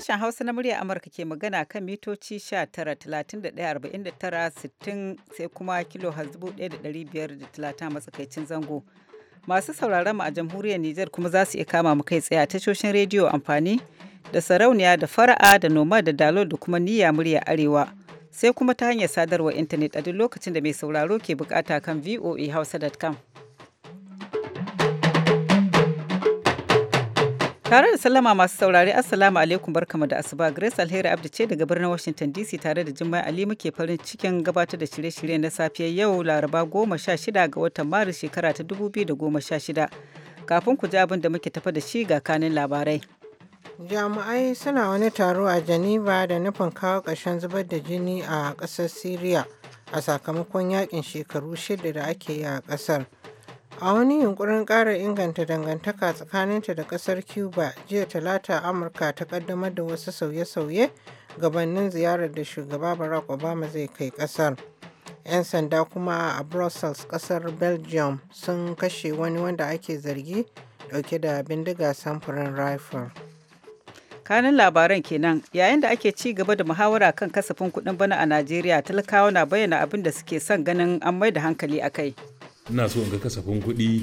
Sashen Hausa na murya Amurka ke magana kan mitoci 19,31,49,60 sai kuma kilo 1,530 matsakaicin zango. Masu sauraron mu a jamhuriyar Nijar kuma za su iya kama mu kai tsaye a tashoshin rediyo amfani da sarauniya da fara'a da noma da dalo da kuma niyya murya arewa. Sai kuma ta hanyar sadarwar intanet a duk lokacin da mai sauraro ke bukata kan voahausa.com. Tare da sallama masu saurari Assalamu alaikum barkamu da asuba Grace Alheri Abdi ce daga birnin Washington DC tare da Jummai Ali muke farin cikin gabatar da shirye-shirye na safiya yau Laraba 16 ga watan Maris shekara ta 2016. Kafin ku ji abin da muke tafa da shi ga kanin labarai. Jami'ai suna wani taro a Geneva da nufin kawo ƙarshen zubar da jini a ƙasar Syria a sakamakon yakin shekaru shida da ake yi a ƙasar. A wani yunkurin ƙara inganta dangantaka tsakaninta da ƙasar Cuba, jiya Talata Amurka ta ƙaddamar da wasu sauye-sauye gabanin ziyarar da Shugaba Barack Obama zai kai ƙasar. 'Yan sanda kuma a Brussels, ƙasar Belgium sun kashe wani wanda ake zargi dauke da bindiga samfurin rifle. kanin labaran kenan yayin da ake ci gaba da muhawara kan kasafin kuɗin bana a najeriya talakawa na bayyana abin da suke son ganin an mai da hankali a kai ina so in ga kasafin kuɗi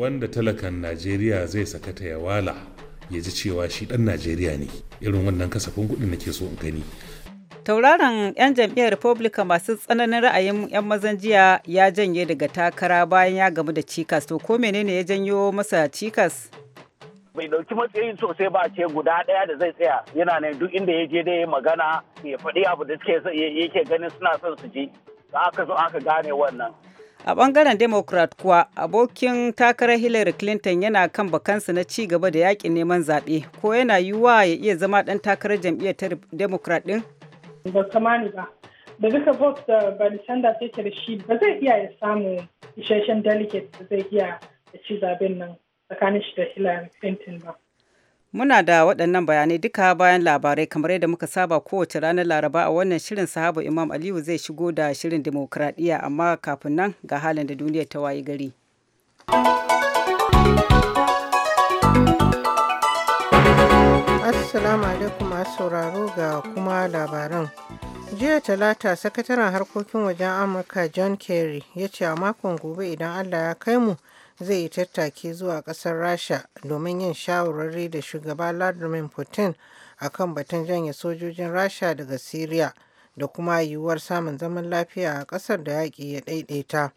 wanda talakan najeriya zai ta ya wala ya ji cewa shi ɗan najeriya ne irin wannan kasafin kuɗin nake so in gani tauraron 'yan jam'iyyar republican masu tsananin ra'ayin 'yan mazan jiya ya janye daga takara bayan ya gamu da cikas to ko menene ya janyo masa cikas bai dauki matsayin sosai ba ce guda daya da zai tsaya yana ne duk inda ya je da ya magana ya faɗi abu da suke yake ganin suna son su ji aka zo aka gane wannan a bangaren democrat kuwa abokin takarar hillary clinton yana kan bakansa na ci gaba da yakin neman zaɓe ko yana yiwuwa ya iya zama dan takarar jam'iyyar ta democrat ɗin ba kamani ba da duka vote da bernie sanders yake da shi ba zai iya ya samu isasshen delegate da zai iya ya ci zaben nan tsakanin shi da hillary clinton ba Muna da waɗannan bayanai duka bayan labarai kamar yadda muka saba kowace ranar Laraba a wannan shirin sahaba Imam Aliyu zai shigo da shirin demokradiyya amma kafin nan ga halin da duniya ta wayi gari. Assalamu alaikum masu sauraro ga kuma labaran. Jiya Talata, Sakataren Harkokin Wajen Amurka John Kerry ya ce a makon gobe idan Allah ya kai mu zai yi tattaki zuwa ƙasar Rasha domin yin shawarwari da shugaba Vladimir Putin a kan batun janye sojojin Rasha daga Syria da kuma yiwuwar samun zaman lafiya a ƙasar da yaƙi ya ɗaiɗaita.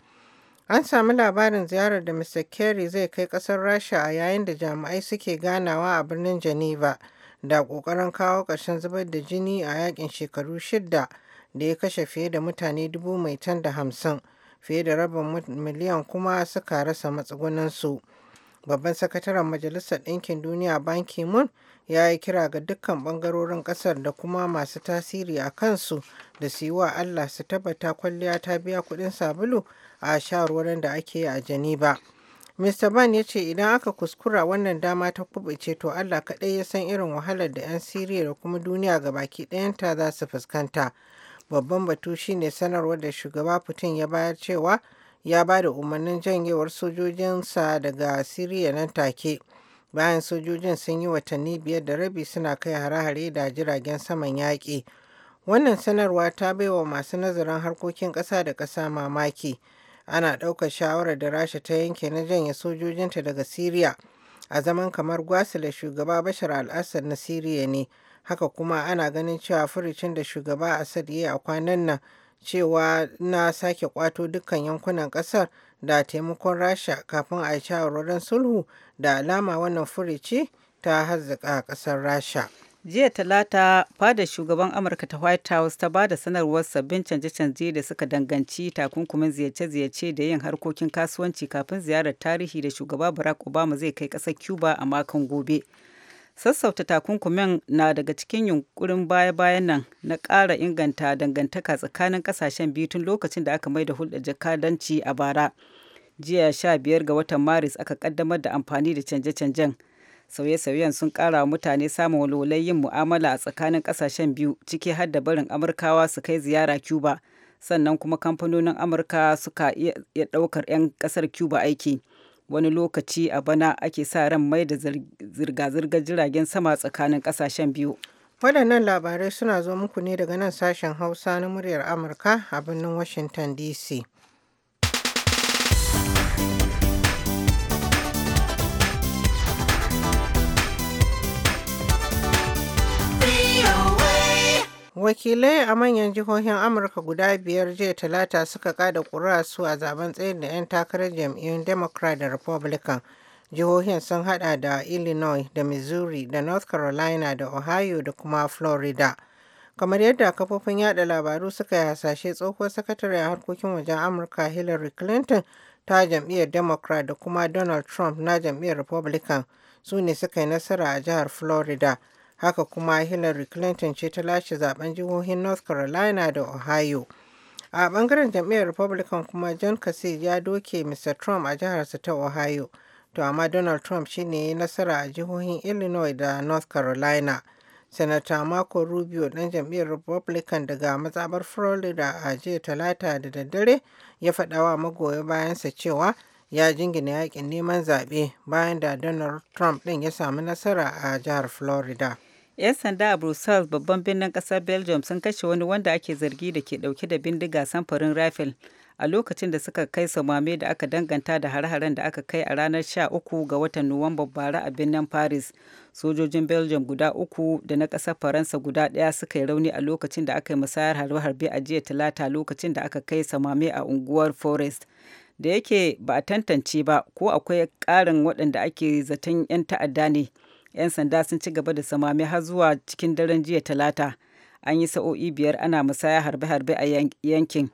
An sami labarin ziyarar da Mr. Kerry zai kai ƙasar Rasha a yayin da jami'ai suke ganawa a birnin Geneva da ƙoƙarin kawo ƙarshen zubar da jini a yaƙin shekaru shidda da ya kashe fiye da mutane dubu mai tan da hamsin. fiye da rabin miliyan kuma suka rasa matsugunansu. Babban sakataren Majalisar Ɗinkin Duniya Ban Ki-moon ya yi kira ga dukkan ɓangarorin ƙasar da kuma masu tasiri a kansu da su yi wa Allah su tabbata kwalliya ta biya kuɗin sabulu a shawarwarin da ake yi a Geneva. Mr. Ban ya ce idan aka kuskura wannan dama ta kubuce to Allah kaɗai ya san irin wahalar da 'yan Siriya da kuma duniya ga baki ɗayanta za su fuskanta. Babban batu shine sanarwar da shugaba Putin ya bayar cewa ya ba da umarnin janyewar sojojinsa daga Siriya nan take. Bayan sojojin sun yi watanni biyar da rabi suna kai hare-hare da jiragen saman yaƙi. Wannan sanarwa ta baiwa masu nazarin harkokin ƙasa da ƙasa mamaki. Ana ɗaukar shawarar da Rasha ta yanke na janye sojojinta daga Siriya a zaman kamar da shugaba Bashar al'asar na Siriya ne. haka kuma ana ganin cewa furucin da shugaba Assad ya yi a kwanan nan cewa na sake kwato dukkan yankunan kasar da taimakon rasha kafin a yi shawarwarin sulhu da alama wannan furuci ta harzika kasar rasha jiya talata fadar shugaban amurka ta white house ta bada sanarwar sabbin canje-canje da suka danganci takunkumin ziyarce-ziyarce da yin harkokin kasuwanci kafin ziyarar tarihi da shugaba barack obama zai kai kasar cuba a makon gobe sassauta takunkumin na daga cikin yunkurin baya-bayan nan na ƙara inganta dangantaka tsakanin kasashen biyu tun lokacin da aka mai da hulɗar jakadanci a bara jiya sha biyar ga watan maris aka ƙaddamar da amfani da canje-canjen sauye-sauyen sun ƙara wa mutane samun walwalar yin mu'amala a tsakanin kasashen biyu ciki har da barin amurkawa su kai ziyara cuba sannan kuma kamfanonin amurka suka iya ɗaukar 'yan ƙasar cuba aiki wani lokaci a bana ake sa ran mai da zirga-zirgar jiragen sama tsakanin kasashen biyu. Waɗannan labarai suna zo muku ne daga nan sashen Hausa na muryar Amurka a birnin Washington DC. wakilai a manyan jihohin amurka guda biyar jiya talata suka kada kura su a zaben tsayin da 'yan takarar jam'iyyun democrat da republican jihohin sun hada da illinois da missouri da north carolina da ohio da kuma florida kamar yadda kafofin yada labaru suka yi hasashe tsohuwar sakatare a harkokin wajen amurka hillary clinton ta jam'iyyar democrat da kuma donald trump na jam'iyyar republican su ne suka yi nasara a jihar florida Haka kuma Hillary Clinton ce ta lashe zaben jihohin North Carolina da Ohio. A bangaren jam'iyyar Republican kuma John Kasich ya doke Mr. Trump a jiharsa ta Ohio. To amma Donald Trump shine ya nasara a jihohin Illinois da North Carolina. senator Marco Rubio ɗan jam'iyyar Republican daga mazabar Florida a jiya talata da daddare ya faɗawa magoya bayansa cewa ya jingina yakin neman zaɓe bayan da Donald Trump ɗin ya sami nasara a jihar Florida. 'Yan sanda a Brussels babban birnin ƙasar Belgium sun kashe wani wanda ake zargi da ke ɗauke da bindiga samfurin rifle a lokacin da suka kai samame da aka danganta da har-haren da aka kai a ranar 13 ga watan Nuwamba bara a birnin Paris. Sojojin Belgium guda uku da na ƙasar Faransa guda ɗaya suka yi rauni a lokacin da aka yi musayar harbe-harbe a jiya Talata lokacin da aka kai samame a unguwar Forest. da yake ba a tantance ba ko akwai ƙarin waɗanda ake zaton 'yan ta'adda ne 'yan sanda sun ci gaba da samami har zuwa cikin daren jiya talata an yi sa'o'i biyar ana musaya harbe-harbe a yankin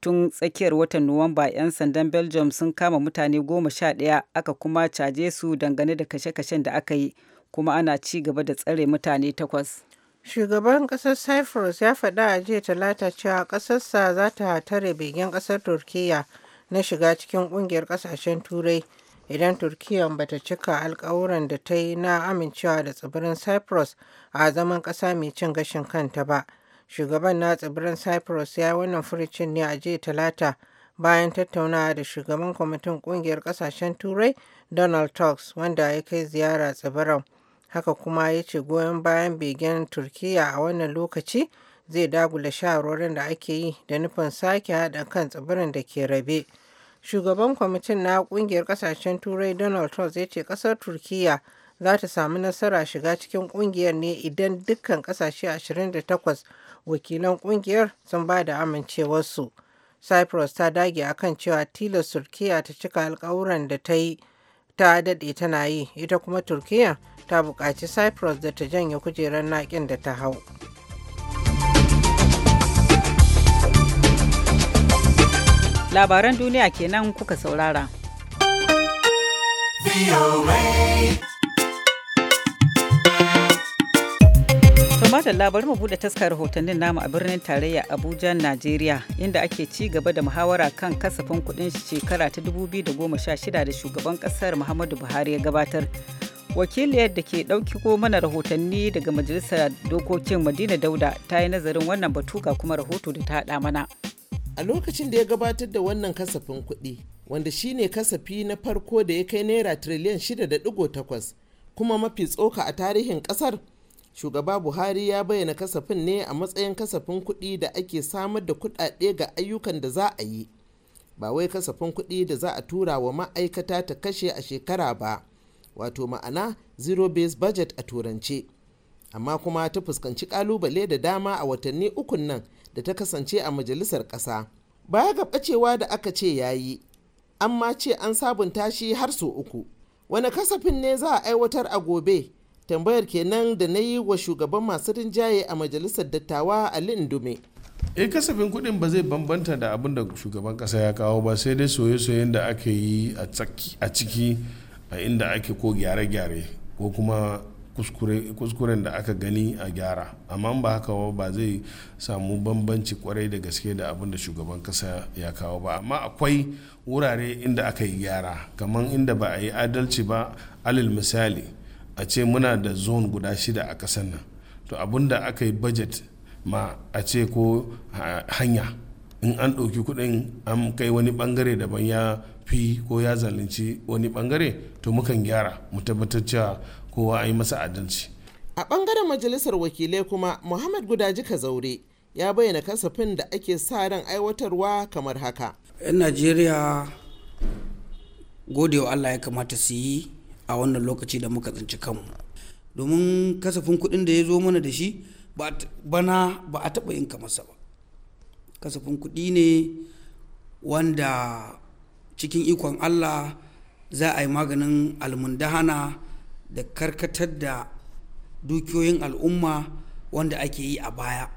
tun tsakiyar watan nuwamba 'yan sandan belgium sun kama mutane goma sha ɗaya aka kuma caje su dangane da kashe-kashen da aka yi kuma ana ci gaba da tsare mutane takwas shugaban kasar cyprus ya faɗa a jiya talata cewa ƙasarsa za ta tare begen ƙasar turkiyya na shiga cikin ƙungiyar ƙasashen Turai idan Turkiyya ta cika alkawuran da ta yi na amincewa da tsibirin Cyprus a zaman ƙasa mai cin gashin kanta ba. Shugaban na tsibirin Cyprus ya wannan furicin ne a jiya Talata bayan tattaunawa da shugaban kwamitin ƙungiyar ƙasashen Turai Donald Tusk wanda ya kai ziyara tsibirin. Haka kuma ya ce goyon bayan begen Turkiyya a wannan lokaci zai dagula shawarorin da ake yi da nufin sake haɗa kan tsibirin da ke rabe. Shugaban kwamitin na ƙungiyar ƙasashen Turai Donald Trump zai ce ƙasar Turkiyya za ta samu nasara shiga cikin ƙungiyar ne idan dukkan ƙasashe 28 wakilan ƙungiyar sun ba da amincewarsu. Cyprus ta dage akan cewa tilas turkiya ta cika alkawuran da ta yi ta daɗe tana yi, ita kuma Turkiyya ta buƙaci Cyprus da ta janye kujerar naƙin da ta hau. labaran duniya kenan kuka saurara. da labar mu bude taskar rahotannin namu a birnin tarayya Abuja, Najeriya, inda ake ci gaba da muhawara kan kasafin kudin shekara ta 2016 da shugaban kasar Muhammadu Buhari ya gabatar. Wakiliyar da ke ɗauki ko mana rahotanni daga Majalisar Dokokin Madina Dauda ta yi nazarin wannan batu ga kuma rahoto da ta haɗa mana. a lokacin da ya gabatar da wannan kasafin kuɗi wanda shine kasafi na farko da ya kai naira triliyan 6.8 kuma mafi tsoka a tarihin ƙasar shugaba buhari ya bayyana kasafin ne a matsayin kasafin kuɗi da ake samar da kuɗaɗe ga ayyukan da za a yi ba wai kasafin kuɗi da za a tura wa ma'aikata ta kashe a shekara ba wato ma'ana zero based budget a turance amma kuma ta fuskanci ƙalubale da dama a watanni ukun nan da ta kasance a majalisar ƙasa baya ga ɓacewa da aka ce ya yi an ma ce an sabunta shi har sau uku wani kasafin ne za a aiwatar a gobe tambayar kenan da na yi wa shugaban masu rinjaye a majalisar dattawa ali indume e eh, kasafin kuɗin ba zai bambanta da abin da shugaban ƙasa ya kawo ba sai dai soye-soyen da aka yi a ciki a inda ake ko gyare-gyare ko kuma kuskuren da aka gani a gyara amma ba haka ba zai samu bambanci kwarai da gaske da abin da shugaban kasa ya kawo ba amma akwai wurare inda aka yi gyara kamar inda ba a yi adalci ba alil misali a ce muna da zone guda shida a kasan nan to abin da aka yi budget ma a ce ko hanya in an ɗauki kuɗin an kai wani ɓangare daban ya fi ko ya zalunci wani ɓangare to mukan gyara mu tabbatar cewa kowa a yi masa adalci a ɓangaren majalisar wakilai kuma muhammad gudaji kazaure ya bayyana kasafin da ake sa ran aiwatarwa kamar haka 'yan najeriya godewa allah ya kamata su yi a wannan lokaci da muka tsinci kanmu domin kasafin kuɗin da ya zo mana da shi bana ba a taɓa yin kamasa ba kasafin kuɗi ne wanda cikin ikon allah za a yi maganin almundahana da karkatar da dukiyoyin al'umma wanda ake yi a baya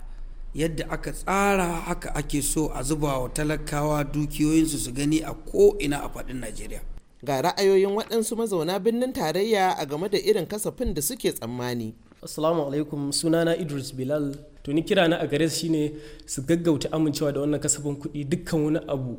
yadda aka tsara haka ake so a zuba wa talakawa dukiyoyinsu su gani a ko'ina a faɗin najeriya ga ra'ayoyin waɗansu mazauna birnin tarayya a game da irin kasafin da suke tsammani assalamu alaikum sunana idris bilal tuni kira na a gare shine su gaggauta amincewa da wannan kasafin kuɗi dukkan wani abu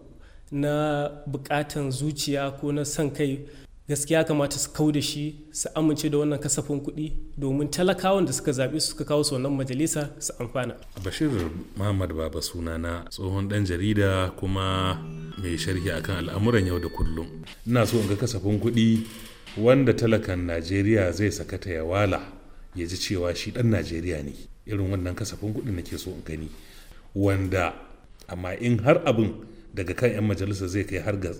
na bukatan zuciya ko na son kai gaskiya kamata su kau da shi su amince da wannan kasafin kuɗi domin talakawan da suka zaɓi su suka kawo su wannan majalisa su amfana. bashir muhammad baba sunana tsohon ɗan jarida kuma mai sharhi akan al'amuran yau da kullum ina so in ga kasafin kuɗi wanda talakan najeriya zai sakata ya wala ya ji cewa shi ɗan najeriya ne irin wannan kasafin kuɗi nake so in gani wanda amma in har abin daga kan 'yan majalisa zai kai har ga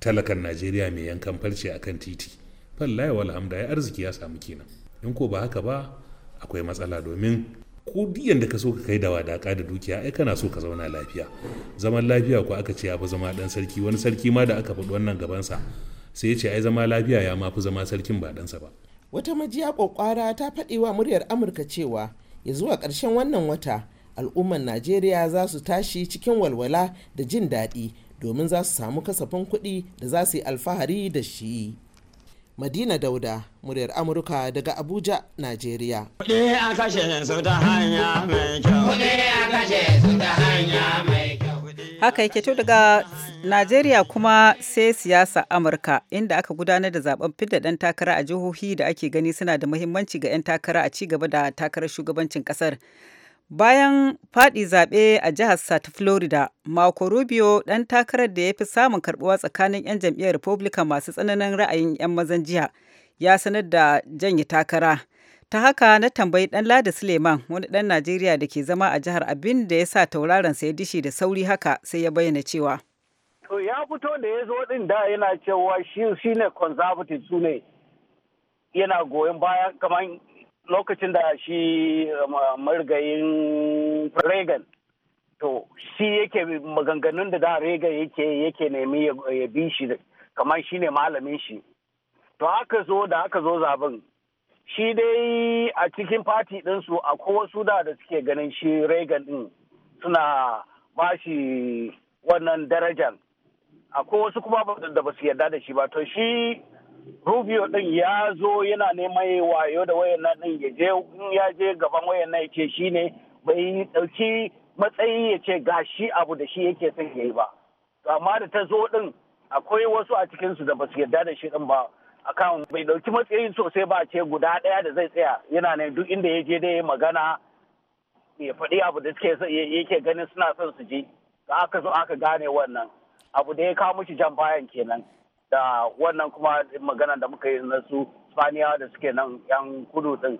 talakan najeriya mai yankan farce a kan titi fallahi walhamda ya arziki ya samu kenan in ko ba haka ba akwai matsala domin ko da ka so ka kai da wadaka da dukiya ai kana so ka zauna lafiya zaman lafiya ko aka ce ya fi zama dan sarki wani sarki ma da aka faɗi wannan gabansa sai ya ce ai zama lafiya ya ma zama sarkin ba ɗansa ba wata majiya kwakwara ta faɗi wa muryar amurka cewa ya zuwa karshen wannan wata al'ummar najeriya za su tashi cikin walwala da jin daɗi domin za su samu kasafin kuɗi da za su yi alfahari da shi madina dauda muryar amurka daga abuja nigeria kuɗi a kashe su ta hanya mai kyau haka yake to daga Najeriya kuma sai siyasa Amurka inda aka gudanar da zaben fidda ɗan takara a jihohi da ake gani suna da muhimmanci ga 'yan takara a ci gaba da takarar shugabancin ƙasar. Bayan fadi zaɓe a jihar South Florida, Marco Rubio, ɗan takarar da ya fi samun karbuwa tsakanin 'yan jam'iyyar Republican masu tsananin ra'ayin 'yan mazan jiya, ya sanar da janye takara. Ta haka na tambayi lada Suleiman, wani ɗan Najeriya da ke zama a jihar abin da ya sa tauraron sa ya dishi da sauri haka sai ya bayyana cewa. To ya fito da ya zo ɗin da yana cewa shi ne conservative su ne yana goyon bayan kamar lokacin da shi eh, marigayin Reagan to shi yake maganganun da da Reagan yake yake nemi ya bi shi kamar shi ne malamin shi to haka zo da haka zo zaben shi dai a cikin fati ɗinsu akwai wasu da da suke ganin shi Reagan ɗin suna ba shi wannan darajan akwai wasu kuma da ba su yarda da shi ba to shi Rubio din ya zo yana neman wayo da nan din ya je ya je gaban wayanna ya ce shi ne bai ɗauki matsayi ya ce ga shi abu da shi yake son ya yi ba. Amma da ta zo din akwai wasu a cikinsu da ba su yarda da shi din ba akan bai ɗauki matsayi sosai ba ce guda ɗaya da zai tsaya yana ne duk inda ya je da ya magana ya faɗi abu da suke yake ganin suna son su ji. Aka zo aka gane wannan abu da ya kawo mishi jan bayan kenan. da wannan kuma magana da muka yi na su spaniya da suke nan yan kudu din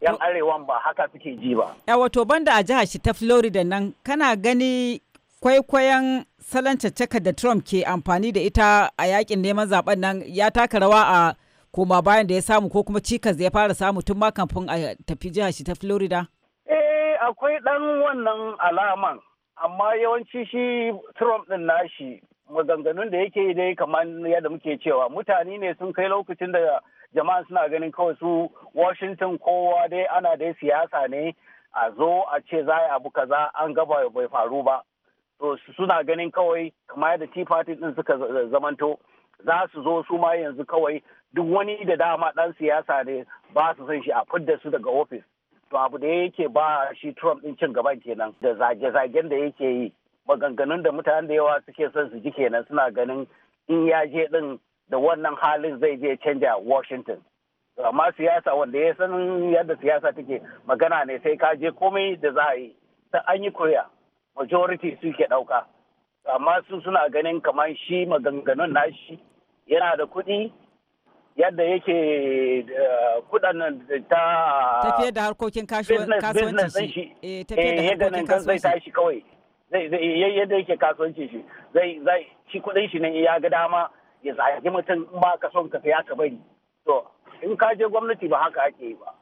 yan arewan ba haka suke ji ba ya wato banda a jihar shi ta florida nan kana gani kwaikwayon salon caccaka da trump ke amfani da ita a yakin neman zaben nan ya taka rawa a koma bayan da ya samu ko kuma cikas da ya fara samu tun ma a tafi jihar shi ta florida eh akwai dan wannan alaman amma yawanci shi trump din nashi maganganun da yake yi dai kamar yadda muke cewa mutane ne sun kai lokacin da jama'a suna ganin kawai su washington kowa dai ana dai siyasa ne a zo a ce za a abu kaza an gaba bai faru ba to suna ganin kawai kamar yadda tea party din suka zamanto za su zo su ma yanzu kawai duk wani da dama dan siyasa ne ba su san shi a fidda su daga ofis to abu da yake ba shi trump din cin gaban kenan da zage-zagen da yake yi maganganun da mutane da yawa suke son su ji kenan suna ganin in ya je din da wannan halin zai je canja washington amma siyasa wanda ya san yadda siyasa take magana ne sai ka je komai da za a yi ta an yi koya majority suke ɗauka amma su suna ganin kamar shi maganganun nashi yana da kuɗi yadda yake eh, kuɗan ta tafiye da harkokin kasuwanci shi eh, tafiye da eh, harkokin kasuwanci zai tashi kawai zai zai yadda yake kasuwanci shi zai zai shi kuɗin shi ne ya ga dama ya zagi mutum in ba ka son ka saya ka bari to in ka je gwamnati ba haka ake yi ba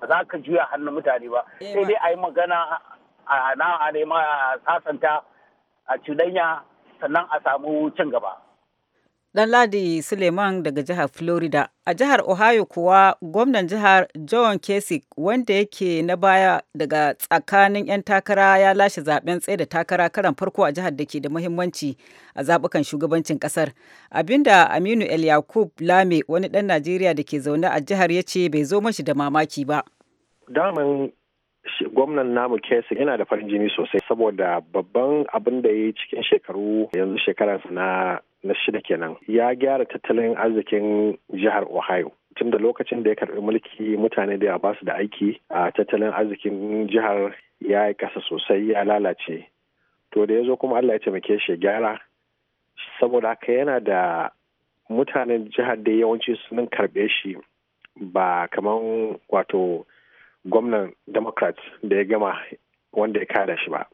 ba za ka juya hannun mutane ba eh, sai dai a yi magana a na a nema a sasanta a cudanya sannan a samu cin gaba Ladi Suleiman daga jihar Florida. A jihar Ohio kuwa gwamnan jihar John Kasich wanda yake na baya daga tsakanin 'yan takara ya lashe zaben tsaye da takara karan farko a jihar da ke da muhimmanci a zabukan shugabancin kasar. Abinda Aminu El Yakub Lame wani dan Najeriya da ke zaune a jihar ya ce bai zo mashi da mamaki ba. Daman gwamnan namu kesi yana da farin jini sosai saboda babban abin da ya yi cikin shekaru yanzu shekaransa na na shida kenan ya gyara tattalin arzikin jihar ohio tun da lokacin da ya karbi mulki mutane da ya ba su da aiki a tattalin arzikin jihar ya yi kasa sosai ya lalace to da ya zo kuma allah ya taimake shi ya gyara saboda haka yana da mutanen jihar da yawanci sun karbe shi ba kamar wato gwamnan democrat da ya gama wanda ya kada shi ba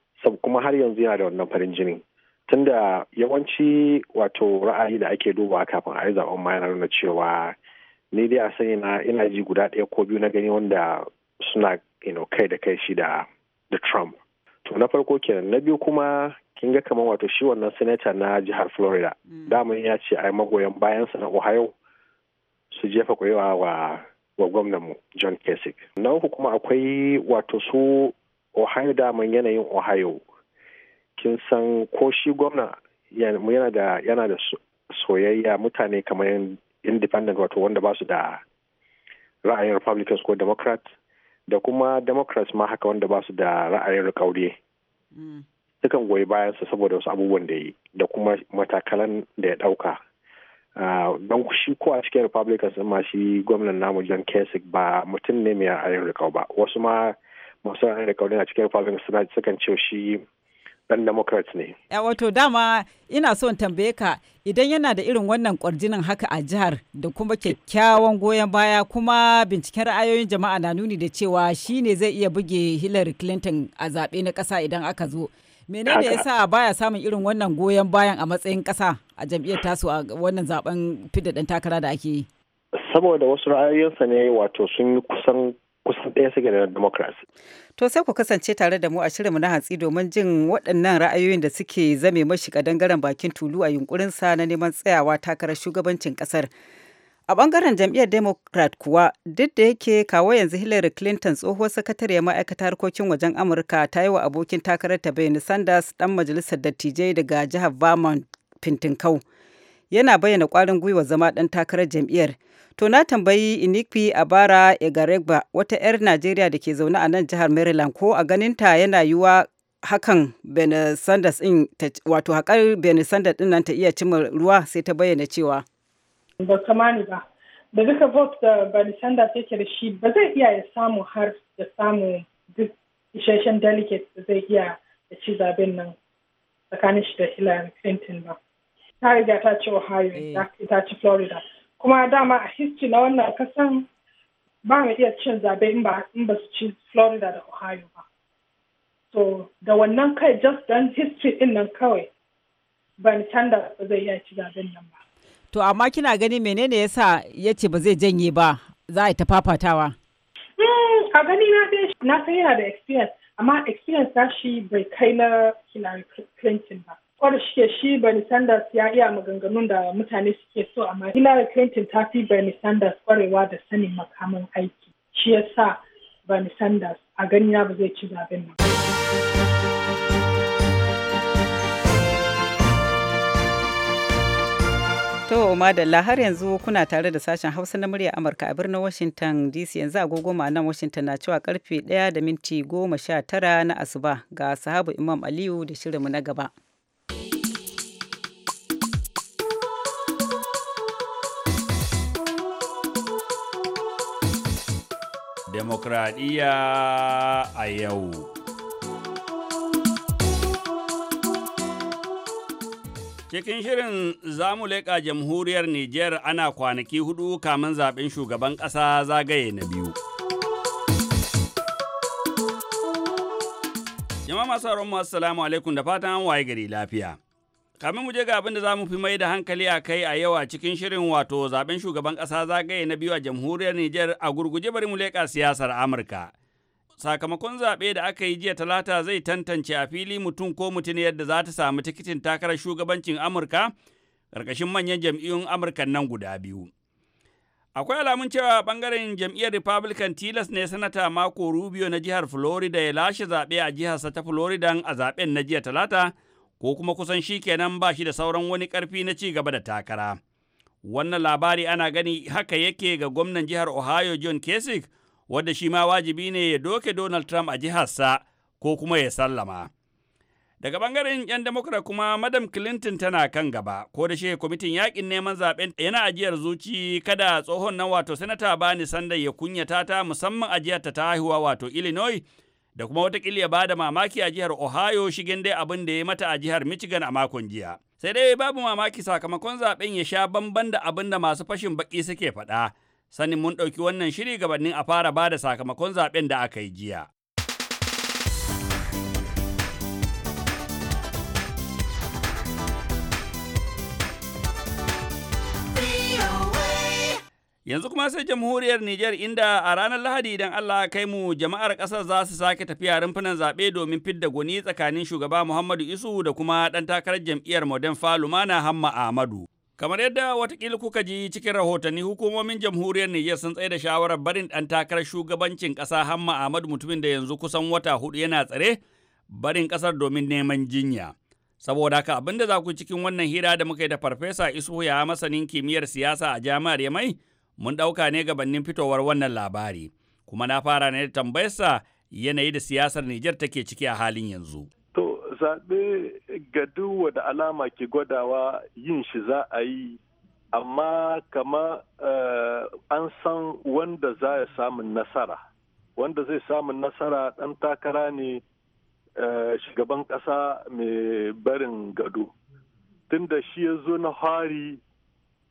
kuma har yanzu yana da wannan farin jinin tunda yawanci wato ra'ayi da ake dubawa kafin a yi zaben ma yana nuna cewa ni dai a sani na ina ji guda ɗaya ko biyu na gani wanda suna kai da kai shi da da Trump. To na farko kenan na biyu kuma kin ga kamar wato shi wannan senator na jihar Florida. Mm. Daman ya ce ai magoyan bayansa na Ohio su jefa kwaiwa wa wa gwamnanmu John Kasich. Na uku kuma akwai wato su Ohio daman yanayin Ohio kin san ko shi gwamna yana da yana da soyayya mutane kamar independent wato wanda ba su da ra'ayin republicans ko democrats da kuma democrats ma haka wanda ba su da ra'ayin rikaure dukan mm. goyi bayan sa saboda wasu abubuwan da yi da kuma matakalan da ya dauka ah, don shi ko a cikin republicans ma shi gwamnan namu john kasich ba mutum ne mai ra'ayin rikau ba wasu ma masu ra'ayin rikau ne a cikin republicans suna sukan ce shi ɗan democrat ne wato dama ina son tambaye ka idan yana da irin wannan ƙwarjinin haka a jihar da kuma kyakkyawan goyon baya kuma binciken ra'ayoyin jama'a na nuni da cewa shi ne zai iya buge hillary clinton a zaɓe na ƙasa idan aka zo menene ya sa baya samun irin wannan goyon bayan a matsayin ƙasa a jam'iyyar tasu a wannan zaben fidda ɗan takara da ake yi saboda wasu ra'ayoyinsa ne wato sun yi kusan kusan ɗaya suke da democracy. to sai ku kasance tare da mu a shirinmu na hantsi domin jin waɗannan ra'ayoyin da suke zame mashi kadangaren bakin tulu a yunkurin sa na neman tsayawa takarar shugabancin ƙasar a ɓangaren jam'iyyar democrat kuwa duk da yake kawo yanzu hillary clinton tsohuwar sakatariyar ma'aikata harkokin wajen amurka ta yi wa abokin takarar ta bernie sanders dan majalisar dattijai daga jihar vermont fintinkau yana bayyana kwarin gwiwa zama ɗan takarar jam'iyyar To na tambayi Inifi Abara Egaregba wata 'yar Najeriya da ke zaune a nan jihar Maryland ko a ganin ta yana yiwa hakan Bernie Sanders in wato haƙar Bernie din nan ta iya cimma ruwa sai ta bayyana cewa ba da duka vote da Bernie Sanders yake da shi ba zai iya ya samu har ya samu duk isasshen delegates da zai iya da ci zaben nan tsakanin shi da Hillary Clinton ba ta riga ta ci Ohio eh. ta ci Florida kuma dama a history na wannan kasan ba mu iya cin zabe in ba su ci florida da ohio ba so da wannan kai just dan history din nan kawai ban canza ba zai iya ci zaben nan ba to amma kina gani menene yasa ya ce ba zai janye ba za a yi ta fafatawa hmm, a gani na dai na san yana da experience amma experience na shi bai kai na Hillary Clinton ba Kwarshike shi Bernie Sanders ya iya maganganun da mutane suke so amma Hillary Clinton ta fi Bernie Sanders kwarewa da sanin makaman aiki. Shi ya sa Bernie Sanders a gani ba zai ci zaben nan. To, Madalla har yanzu kuna tare da sashen Hausa na murya Amurka a birnin Washington DC yanzu agogo nan Washington na cewa karfe 1 da minti goma sha tara na asuba ga sahabu Imam Aliyu da shirinmu na gaba. demokradiyya a yau. Cikin shirin zamu leƙa jamhuriyar Nijar ana kwanaki hudu kamin zaɓen shugaban ƙasa zagaye na biyu. Jama'a masu haramu, Assalamu alaikum da fatan waye gari lafiya. Kamin mu je ga abin da za mu fi mai da hankali a kai a yau a cikin shirin wato zaben shugaban ƙasa zagaye na biyu a jamhuriyar Nijar a gurguje bari mu leƙa siyasar Amurka. Sakamakon zaɓe da aka yi jiya talata zai tantance a fili mutum ko mutum yadda za ta samu tikitin takarar shugabancin Amurka ƙarƙashin manyan jam'iyyun Amurka nan guda biyu. Akwai alamun cewa ɓangaren jam'iyyar Republican tilas ne Sanata Marco Rubio na jihar Florida ya lashe zaɓe a jiharsa ta Florida a zaɓen na jiya talata. ko kuma kusan shi kenan ba shi da sauran wani ƙarfi na ci gaba da takara. Wannan labari ana gani haka yake ga gwamnan jihar Ohio John Kasich, wadda shi ma wajibi ne ya doke Donald Trump a jiharsa ko kuma ya sallama. Daga bangaren 'yan Democrat kuma Madam Clinton tana kan gaba, ko da shi kwamitin yakin neman zaben yana ajiyar zuci kada tsohon nan wato Sanata Bani Sanda ya kunyata ta musamman ajiyarta ta haihuwa wato Illinois da kuma watakila ya ba da mamaki a jihar Ohio shigen dai abin da ya mata a jihar Michigan a makon jiya. Sai dai babu mamaki sakamakon zaben ya sha bamban da abin da masu fashin baki suke faɗa. Sanin mun ɗauki wannan shiri gabanin a fara ba da sakamakon zaben da aka yi jiya. Yanzu kuma sai jamhuriyar Nijar inda a ranar Lahadi idan Allah kai mu jama'ar kasar za su sake tafiya rumfunan zaɓe domin fidda goni tsakanin shugaba Muhammadu Isu da kuma ɗan takarar jam'iyyar Modern Falumana Hamma Ahmadu. Kamar yadda watakila kuka ji cikin rahotanni hukumomin jamhuriyar Nijar sun tsaye da shawarar barin ɗan takarar shugabancin ƙasa Hamma Ahmadu mutumin da yanzu kusan wata hudu yana tsare barin ƙasar domin neman jinya. saboda haka abinda za ku cikin wannan hira da muka yi da farfesa isu ya masanin kimiyyar siyasa a jami'ar yamai mun ɗauka ne gabanin fitowar wannan labari, kuma na fara ne da tambayarsa yanayi da siyasar Nijar take ciki a halin yanzu. To, zaɓe ga duwa da alama ke gwadawa yin shi za a yi, amma kama eh, an san wanda za ya samun nasara. Wanda zai samun nasara ɗan takara ne eh, shugaban ƙasa mai barin gado. Tunda shi ya zo na hari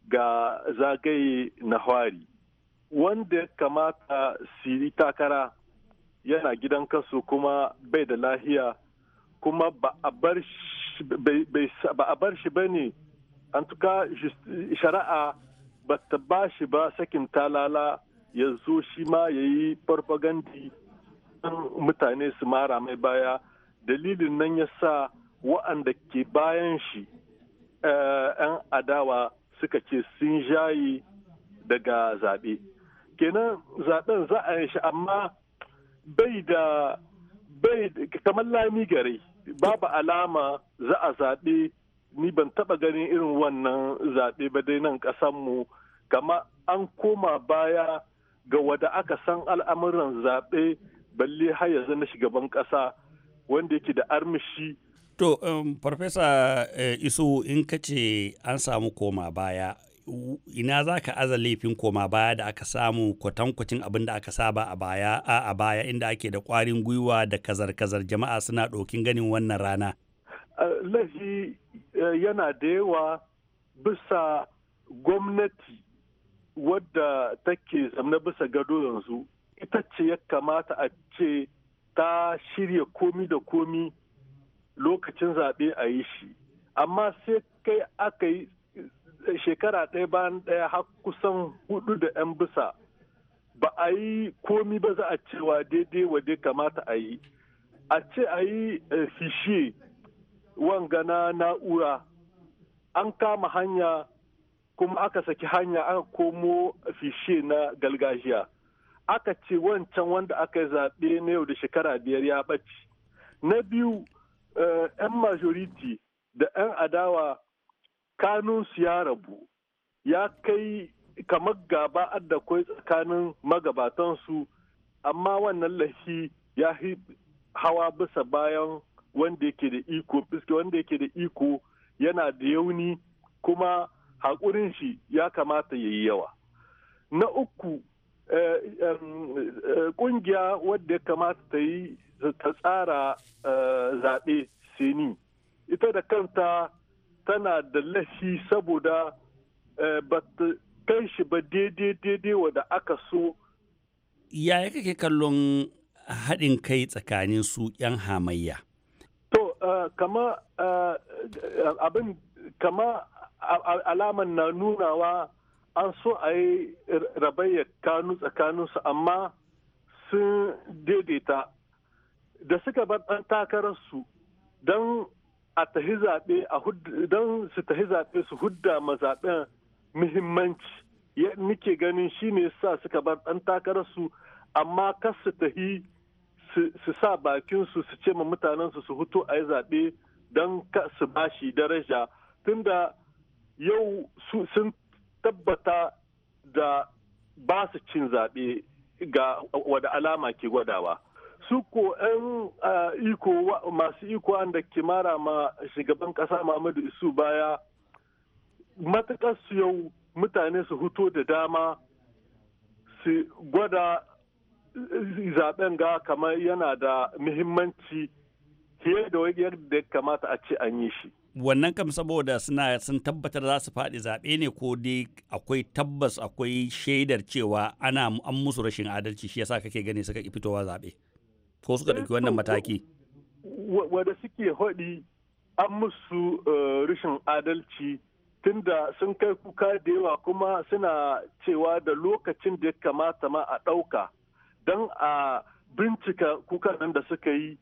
ga zagaye na hwari wanda ya kamata siri takara yana gidan kasu kuma bai da lahiya kuma ba a bar shi ba ne an tuka shari'a ba ta ba shi ba sakin talala ya zo shi ma ya yi farfagandi mutane su mara mai baya dalilin nan ya sa wa'anda ke bayan shi eh, 'yan adawa suka ce sun shayi daga zaɓe kenan zaɓen za a yi shi amma bai da bai kamar lami gare babu alama za a zaɓe ni ban taɓa ganin irin wannan zaɓe ba dai nan mu kama an koma baya ga wada aka san al'amuran zaɓe balle har yanzu na shugaban ƙasa wanda yake da armishi To, um, Farfesa eh, Isu in ka ce an samu koma baya, ina za ka aza laifin koma baya da aka samu kwatankwacin abin da aka saba a baya a baya inda ake da kwarin gwiwa da kazar-kazar jama'a suna ɗokin ganin wannan rana? Laifi eh, yana da yawa bisa gwamnati wadda take zamna bisa gado yanzu ita ce ya kamata a ce ta shirya komi da komi lokacin zaɓe a yi shi amma sai kai aka yi eh, shekara ɗaya bayan ɗaya har kusan hudu da 'yan bisa ba a yi komi ba za a cewa daidai wade kamata a yi a ce a yi eh, fishe wanga na na'ura an kama hanya kuma aka saki hanya aka komo fishe na galgajiya aka ce wancan wanda aka yi zaɓe na yau da shekara biyar ya ɓaci na biyu Eh, 'yan majority da 'yan adawa kanunsu ya rabu ya kai kamar gaba adda kwai tsakanin magabatansu amma wannan lahi ya hawa bisa bayan wanda yake da iko fiske wanda yake da iko yana da yauni kuma haƙurin shi ya kamata ya yi yawa na uku Eh, eh, kungiya wadda ya kamata ta yi ta tsara eh, zaɓe seni ita da kanta tana da lashi saboda ba ta kai shi ba daidai wadda aka so yi kake kallon haɗin kai tsakanin su 'yan hamayya to kama kama alaman na nunawa an so a yi rabayya kanu tsakaninsu amma sun daidaita da suka bar ɗan takararsu don a tahi zaɓe don su tahi zaɓe su hudda ma zaɓen muhimmanci ya nike ganin shine sa suka bar ɗan takararsu amma kas su tahi su sa bakinsu su ce ma mutanensu su hutu a yi zaɓe don su bashi daraja tunda yau sun tabbata da ba su cin zaɓe ga wada alama ke gwadawa su ko 'yan iko masu iko da kimara ma shugaban ƙasa Muhammadu Isu baya matuƙar su yau mutane su huto da dama su gwada zaɓen ga kamar yana da muhimmanci fiye da yadda kamata a ce an yi shi. wannan kam saboda suna sun tabbatar za su faɗi zaɓe ne ko dai akwai tabbas akwai shaidar cewa ana an musu rashin adalci shi yasa kake gani suka ki fitowa zaɓe ko suka ɗauki wannan eh, mataki wanda suke haɗi an musu eh, rashin adalci tunda sun kai kuka da yawa kuma suna cewa da lokacin da ya kamata ma a ɗauka don a bincika kuka nan da suka yi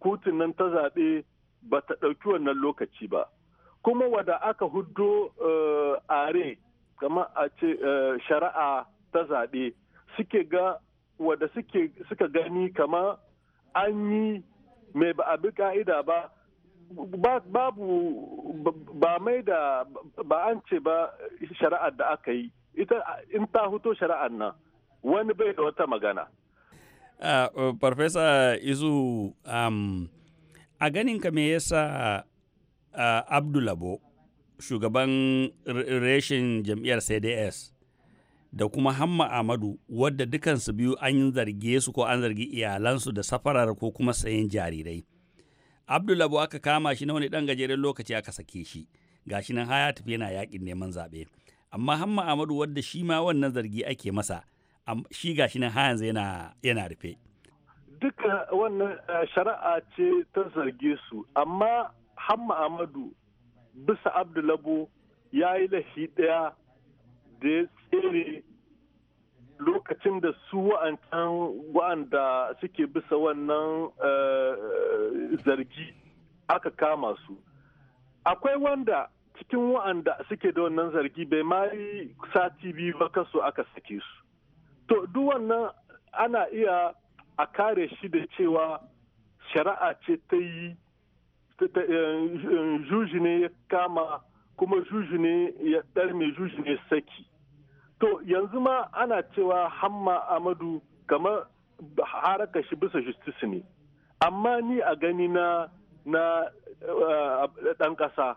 kotun nan ta zaɓe ba ta ɗauki wannan lokaci ba kuma wada aka huddo eh, are kama a ce eh, shari'a ta zaɓe suke ga wada suka gani kama an yi mai ba a bi ka'ida ba babu ba mai da ba an ce ba shari'ar da aka yi ita in ta huto shari'ar nan wani bai da wata magana farfesa ah, eh, izu um, a ganinka me yasa uh, abdulabo shugaban reshen jam'iyyar cds da kuma hamma amadu wadda dukansu biyu an zarge su ko an zargi iyalansu da safarar ko kuma sayan jarirai abdulabo aka kama shi na wani dan gajeren lokaci aka sake shi gashi nan haya tafi yana yakin neman zaɓe amma hamma amadu wadda shi ma wannan zargi ake masa shi gashi nan ha yanzu yana rufe duka wannan eh, shari'a ce ta zarge su amma hamma amadu bisa abdulabo ya yi lahi ɗaya da ya tsere lokacin da su wa'ancan wa'anda suke bisa wannan eh, zargi aka kama su akwai wanda cikin wa'anda suke da wannan zargi bai ma yi sati biyu ba kasu aka sake su to duk wannan ana iya a kare shi da cewa shari'a ce ta yi eh, juji ya kama kuma juji ne ya ɗarme juji ne saki to yanzu ma ana cewa hamma amadu kamar haraka shi bisa justice ne amma ni a gani na na eh, ɗan ƙasa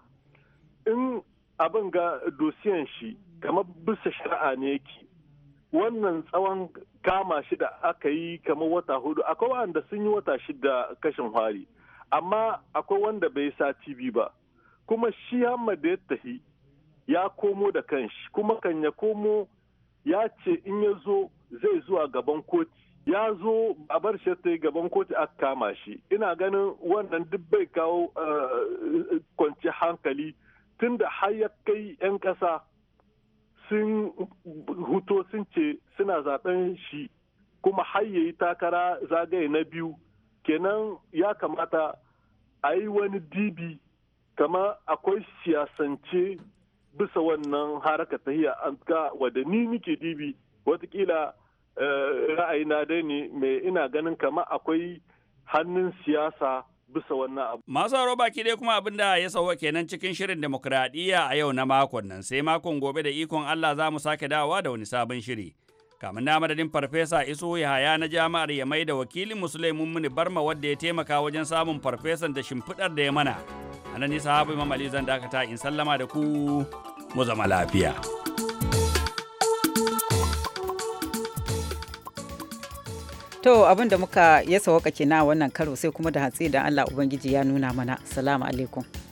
in abin ga dosiyan shi kamar bisa shari'a ne yake wannan tsawon kama shi da aka yi kamar wata hudu akwai wanda sun yi wata shida kashin hwari amma akwai wanda bai sa tv ba kuma shi hamad ya tahi ya komo da kanshi kuma kan ya komo ya ce in ya zo zai zuwa gaban koti ya zo a bar shi ta gaban kotu aka kama shi ina ganin wannan duk bai kawo eh, eh, kwanci hankali tunda har ya kai 'yan ƙasa sun huto sun ce suna zaben shi kuma har ya yi takara zagaye na biyu kenan ya kamata a yi wani dibi kama akwai siyasance bisa wannan haraka ta hiya an ka wadda ni nike dibi watakila eh, ra'ayi na dai ne mai ina ganin kama akwai hannun siyasa bisa wannan abu. Masu haro baki dai kuma abin da ya sauwa kenan cikin shirin demokradiyya a yau na makon nan sai makon gobe da ikon Allah za mu sake dawowa da wani sabon shiri. Kamin na madadin Farfesa Iso Yahaya na jami'ar ya mai da wakilin Musulaimun Muni Barma wadda ya taimaka wajen samun farfesan da shimfiɗar da ya mana. A nan ni Imam Ali zan dakata in sallama da ku mu zama lafiya. To abin da muka ya sawaka kenan wannan karo sai kuma da hatsi da Allah Ubangiji ya nuna mana. Salamu alaikum.